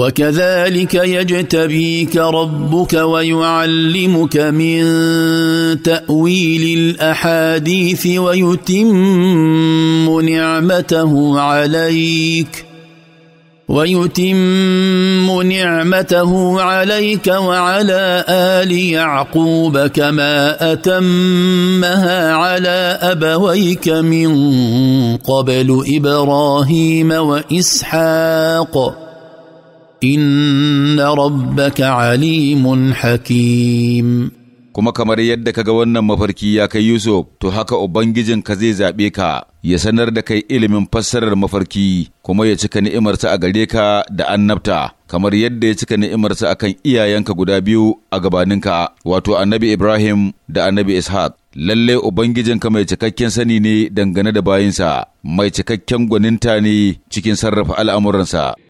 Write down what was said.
وكذلك يجتبيك ربك ويعلمك من تاويل الاحاديث ويتم نعمته عليك ويتم نعمته عليك وعلى ال يعقوب كما اتمها على ابويك من قبل ابراهيم واسحاق inna rabbaka alimun hakim kuma kamar yadda kaga wannan mafarki ya kai Yusuf to haka ubangijinka zai zaɓe ka ya sanar da kai ilimin fassarar mafarki kuma ya cika ni'imarsa a gare ka da annabta kamar yadda ya cika ni'imarsa a kan iyayenka guda biyu a gabaninka wato annabi Ibrahim da annabi Ishaq lalle ubangijinka mai cikakken sani ne dangane da bayinsa mai cikakken gwaninta ne cikin sarrafa al'amuransa